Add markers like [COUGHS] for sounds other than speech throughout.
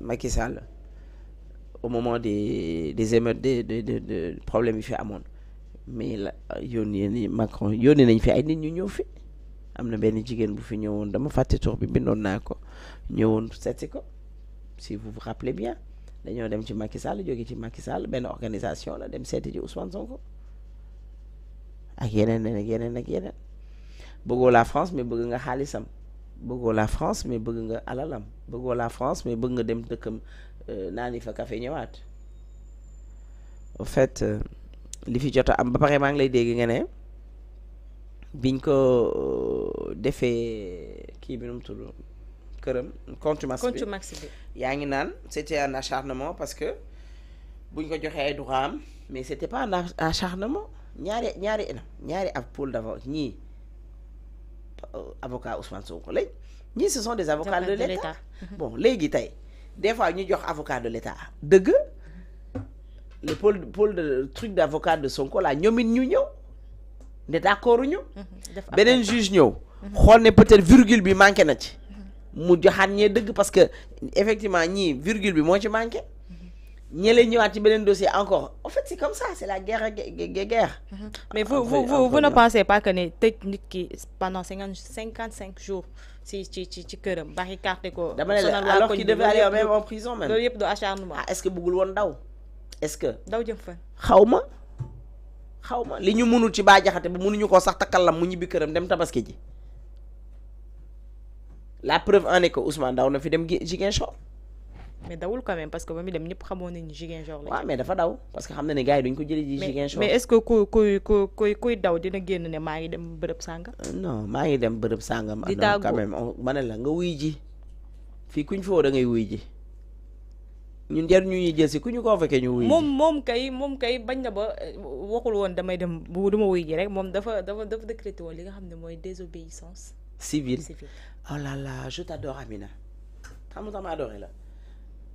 Macky au moment des des émeutes des problèmes des problèmes à à monde mais il Macron yónnee nañ fi ay nit ñu ñëw fi benn jigéen bu fi ñëwoon dama fàtte tur bi bindoon naa ko si vous vous rappelez bien dañoo dem ci Macky Sall ci Macky organisation la dem ji Ousmane Sonko ak yeneen ak yeneen la France mais bëgg nga xaalisam la France mais bëgg nga alalam la France mais bëgg nga dem dëkkam euh, naani fa café ñëwaat au fait euh, li fi jot a am ba pare maa ngi lay dégg nga ne biñ ko euh, defee kii bi c'était un acharnement parce que buñ ko joxee ay mais c'était pas un acharnement ñaari ñaari ñaari euh, avocat Ousmane Sonko lay ni ce sont des avocats de l'État [LAUGHS] bon les tay des fois ñu jox avocats de l'État deug le pôle pôle de truc d'avocat de Sonko la ñoom it ñu ñew né d'accord ñu [LAUGHS] benen juge ñew [LAUGHS] xol ne peut-être virgule bi manqué na ci mu parce que effectivement ñi virgule bi mo ci manqué ñële ñëwaat ci beneen dossier encore en fait c'est comme ça c'est la guerre guerre. Uh-huh. mais vous vous vous ne pensez pas que les techniques pendant 55 jours ci ci ci ci këram. barricade ko alors qu'il devait aller même en prison même. loolu acharnement. Ah, est-ce que bëggul woon daw est-ce que. daw jëm fan. xaw ma xaw ma li ñu mënul ci baa jaxate ba mënuñu ko sax takkal lam mu ñibbi këram dem tabaski ji la preuve en est que Ousmane daw na fi dem Ziguinchor mais dawul quand même parce que ba dem ñep xamone ni nañu jor la. waaw mais dafa daw parce que xam na ne gars yi duñ ko jëlee ji jor mais est-ce que ku ku ku kuy kuy daw dina genn ne maa ngi dem bërëb sanga euh, non maa ngi dem bërëb sàngam. di tàggoo quand même ma la nga wuy ji fi kuñ fo da ngay wuy ji. ñun jar ñuy jël ci ku ko koo ñu wuy mom mom kay mom kay bañ na ba euh, waxul won damay dem bu duma wuy ji rek mom dafa dafa dafa décrété woon li nga xam moy désobéissance civile. oh là là je t'adore Amina xam nga sama adoré la.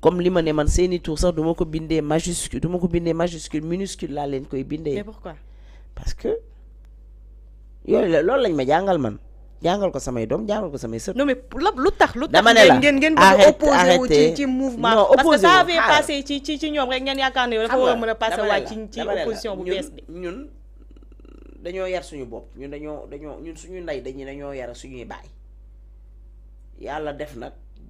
comme li man ni tour sax du ko majuscule du ko majuscule minuscule la leen koy binde mais pourquoi. parce que yo la que lañ ma jangal man je ko samay que je ko samay que non mais lu tax opposé ci parce que ça avait passé ci ci rek dafa wara mëna passer wa ci ci bu ñun yar suñu ñun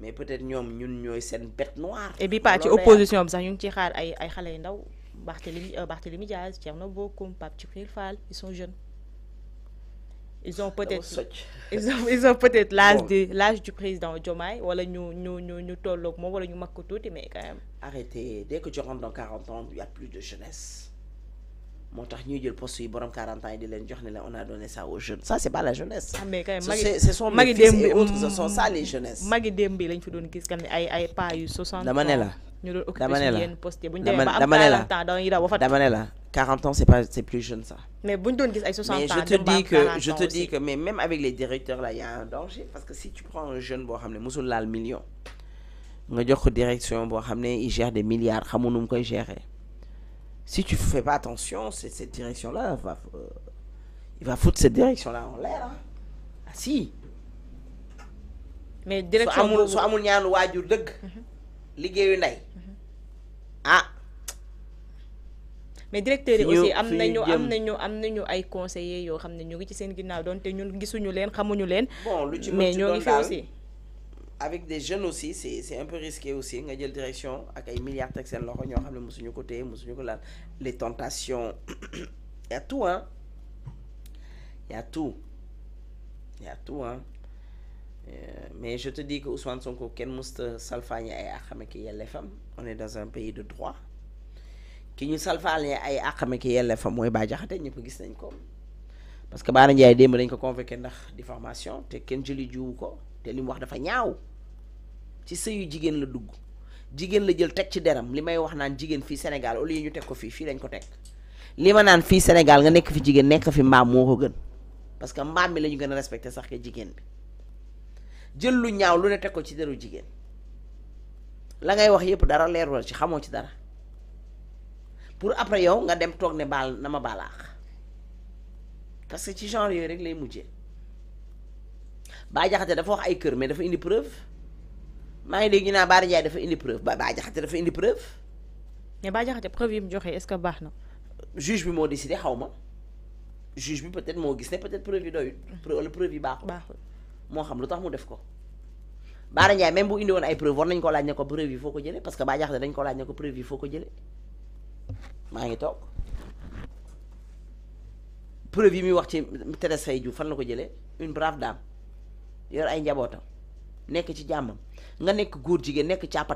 mais peut-être ñom ñun ñoy sen bête noire. et bi pas opposition bi sax ñu ci xaar ay ay xalé yi ndaw Barthélémy euh, Barthélémy Diaz Thierno Bocoum Pape Djibril Fall ils sont jeunes. ils ont peut-être [LAUGHS] ils ont ils ont peut-être l'âge de l'âge du président Diomaye wala ñu ñu ñu ñu tolloog mo wala ñu mag ko mais quand même. arrêtez dès que tu rentres dans 40 ans il y a plus de jeunesse moo tax ñuy jël poste yi borom 40 ans yi di leen jox ne la on a donné ça aux jeunes ça c'est pas la jeunesse. ah mais kay magi ce sont magi démb bi ce sont ça les jeunesses. magi démb bi lañ fi doon gis kan ay ay pas yu 60 dama ne la ñu doon occupé suñu yenn poste yi bu ba 40 ans dañuy 40 ans c' pas c'est plus jeune ça. mais bu ñu doon gis ay 60 ans je te dis que je te dis que mais même avec les directeurs là il y' a un danger parce que si tu prends un jeune boo xam ne mosul laal million nga jox ko direction boo xam ne il gère des milliards xamu nu mu koy gérer si tu fais pas attention, c'est cette direction-là va, euh, il va foutre cette direction-là en l'air. Hein. Ah si. mais mhm. mhm. ah. mais directeur aussi conseillers ñu ngi ci avec des jeunes aussi c'est c'est un peu risqué aussi nga jël direction ak ay milliards teg seen loxo ño xam musuñu ko téy musuñu ko laal les tentations il [COUGHS] y a tout hein il y a tout il y a tout hein euh, mais je te dis que Ousmane Sonko ken musta salfaañe ay àqame ki fam on est dans un pays de droit ki ñu salfaañe ay àqame ki fam moy ba Diakhaté ñëpp gis nañ ko parce que Bara ñay demb dañ ko convoquer ndax diffamation té ken jëli jiwu ko te li wax dafa ñaaw ci sëyu jigéen la dugg jigéen la jël teg ci deram li may wax naan jigéen fii Sénégal au lieu ñu teg ko fii fii lañ ko teg li ma naan fii Sénégal nga nekk fi jigéen nekk fi mbaam moo ko gën parce que mbaam mi la ñu gën a respecté sax ke jigéen bi jël lu ñaaw lu ne teg ko ci deru jigéen la ngay wax yépp dara leerul ci xamoo ci dara pour après yow nga dem toog ne baal na ma baalaax parce que ci genre yooyu rek lay mujjee baa jaxate dafa wax ay kër mais dafa indi preuve maa ngi dégg ñu naan Bara Ndiaye dafa indi preuve ba Bah Diakhaté dafa indi preuve. mais Bah preuve yi mu joxe est-ce que baax na. juge bi moo décidé xaw ma juge bi peut-être moo gis ne peut-être preuve yi doyul. wala preuve yi baaxul. xam lu tax mu def ko. Bara Ndiaye même bu indi woon ay preuve war nañ ko laaj ne ko preuve yi foo ko jëlee parce que Bah Diakhaté dañ ko laaj ne ko preuve yi foo ko jëlee maa ngi toog preuve yi muy wax ci Thérèse Faye Diouf fan la ko jëlee une brave dame yor ay njabootam. nekk ci jàmmam nga nekk góor jigéen nekk càppa